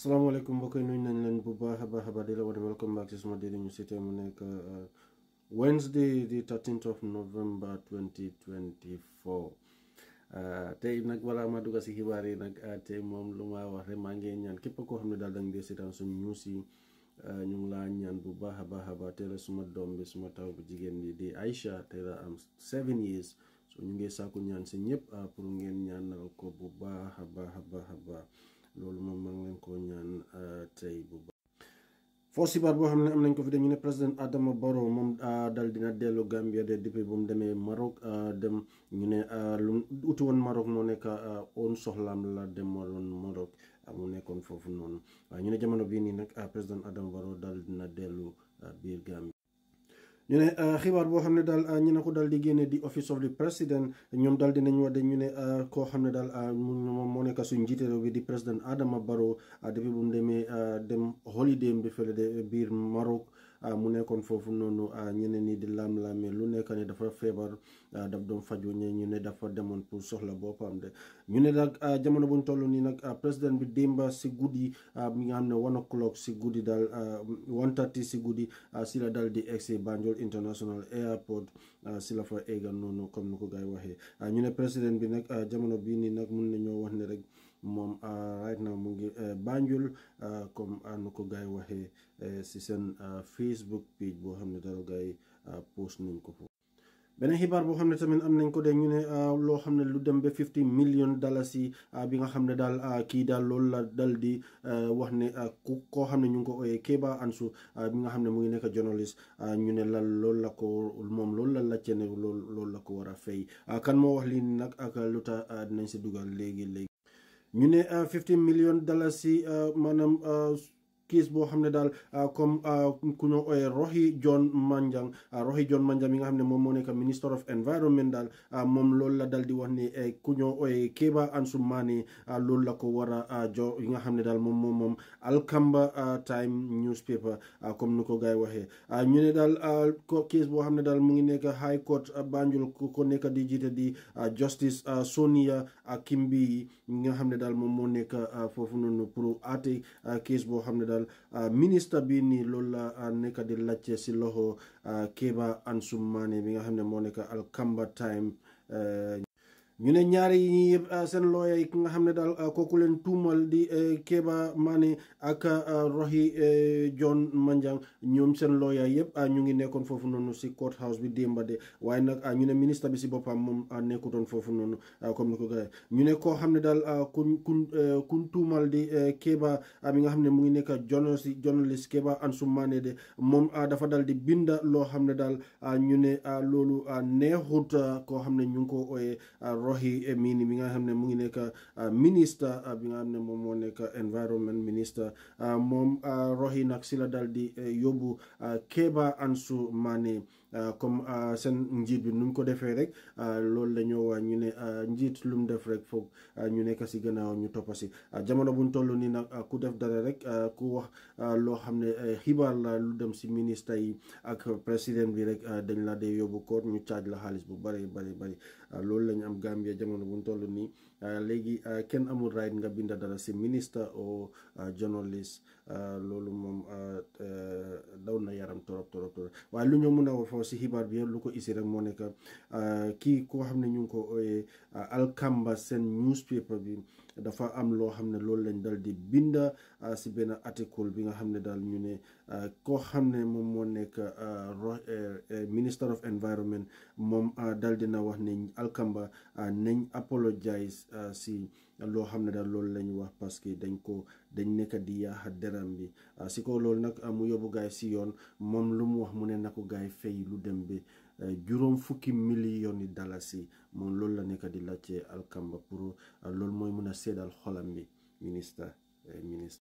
Assalamualaikum mbokk yi nuyu nañ leen bu baaxa baaxa ba di la wone welcome back ci suma daily news mu nekk euh, Wednesday the 13th of November 2024 euh, tey nak wala ma dugg ci xibaar yi nak euh, tey mom lu ma wax rek ma ngi ñaan képp ko xam dal daal da nga dee suñu news yi ñu ngi la ñaan bu baaxa baaxa ba la suma dom bi suma taw bu jigen bi di Aisha tey la am 7 years so ñu ngi sàkku ñaan ci ñëpp pour ngeen ñaanal ko bu baaxa baaxa baaxa loolu moom maa ngi leen ko ñaan euh, tey bu baax force xibaar boo xam ne am nañ ko fi dañu ne président Adama Barrow moom euh, dal dina dellu Gambia de depuis bu mu demee Maroc euh, dem ñu ne lu uti woon Maroc moo nekk oon soxlaam la demoon Maroc mu nekkoon foofu noonu waaye ñu ne jamono bii nii nag président Adama Barrow dal dina dellu biir Gambia ñu ne euh, xibaar boo xam ne daal euh, ñu ne ko daal di génne di office of the president ñoom daal dinañ wax de ñu ne euh, koo xam ne daal moom moo nekk suñ njiite réew bi di président Adama Barrow depuis bu mu demee dem holiday bi fële de biir Maroc. Ah, mu nekkoon foofu noonu ah, ñeneen nii di lam-lame lu nekk ni dafa feebar ah, daf doon faju ñe ñu ne dafa demoon pour soxla boppam de ñu ne nag jamono bu ñu toll nii nag président bi démba si guddi mi nga xam ne one o'clock si guddi daal one thirty si guddi si la daal di egsi Banjul International Airport si la fa eggan noonu comme ni ko gay waxee ñu ne président bi nag jamono bii nii nag mun nañoo wax ne rek mom rightnow mu ngi e, banjul comme ànd ko gaay waxee si seen facebook page boo xam ne dara gaay post nañ ko fo beneen xibaar boo xam ne tamit am nañ ko de ñu ne loo xam ne lu dem ba fifty million dollars yi bi nga xam ne daal kii daal loolu la dal di e, wax ne ku koo xam ne ñu ngi ko oyee keba ansu bi nga xam ne mu ngi nekk journaliste ñu ne lan loolu la ko moom loolu la lacce ne loolu loolu la ko war a fay kan moo wax lii nag ak lu tax dinañ si dugal léegi léegi ñu ne 50 euh, million dalasi euh, maanaam euh, kiis boo xam ne daal ah, comme ah, ku ñoo ooyee Rohey John Manjang ah, Rohey John Manjang ne moom moo nekk minister of environment moom loolu la dal di wax ne eh, ku ñoo ooyee Keba Ansumaneh loolu la ko war a jo yi xam ne daal moom moom moom Alkamba Time newspaper comme nu ko gars yi waxee ñu ne daal kiis boo xam ne daal mu ngi nekk High Court Banjul ku ko nekk di jiite di justice Sonia Kimbi yi ne daal moom moo nekk foofu noonu pour ne daal Sénégal uh, ministre bi nii loolu la uh, nekk di laajte si loxo uh, Keba Ansoumani mi nga xam ne moo nekk Alkamba time. ñu ne ñaari yi ñi ah, seen looya yi ki nga xam ne daal ah, kooku leen tuumal di eh, kebaa Mané ak ah, Rohey eh, John Manjang ñoom seen looya yëpp ñu ngi nekkoon foofu noonu si court house bi démba de waaye nag ñu ne ministre bi si boppam moom nekkutoon foofu noonu comme ni ko gaay ñu ne koo xam ne daal kuñ kuñ kuñ tuumal di eh, Keba mi nga xam ne mu ngi nekk journaliste journaliste Keba Ansumané de moom a dafa dal di binda loo xam ne daal ñu ne loolu a neexut ko xam ne ñu ngi ko ooyee Rohey Emini mi nga xam ne mu ngi nekk ah, ministre ah, bi nga xam ne moom moo nekk environment minister ah, moom Rohey nag si la dal di eh, yóbbu Keba Ansu Mane Euh, comme euh, seen njiit bi nu mu ko defee rek euh, loolu la ñoo waa ñu ne njiit lu mu def rek foog ñu nekk si gannaaw ñu toppa si jamono bu ñu toll nii nag ku def dara rek ku wax loo xam ne xibaar la lu dem si ministre yi ak président bi rek dañ la dee yóbbu koor ñu caaj la xaalis bu bari bari bari loolu lañu am Gambia jamono bu ñu toll nii léegi kenn amul right nga binda dara si ministre au journaliste loolu moom daw kontaan torop torop waaye lu ñu mën a foofu si xibaar bi yëpp lu ko isi rek moo nekk euh, kii koo xam ne ñu ngi ko ooyee euh, Alkamba seen newspaper bi dafa am loo xam ne loolu lañ dal di binda euh, si benn article bi nga xam ne daal ñu ne koo xam ne moom moo nekk minister of environment moom ah, dal dina wax ne alkamba ah, nañ apologize ah, si loo xam ne daal loolu lañ wax parce que dañ ko dañ nekk di yaaxa deram bi si ko loolu nag mu yóbbu gaay si yoon moom lu mu wax mu ne na ko gaay fay lu dem bi eh, juróom fukki million yi dalasi moom loolu la nekk di laajte alkamba pour loolu mooy mën a seedal xolam bi ministre eh,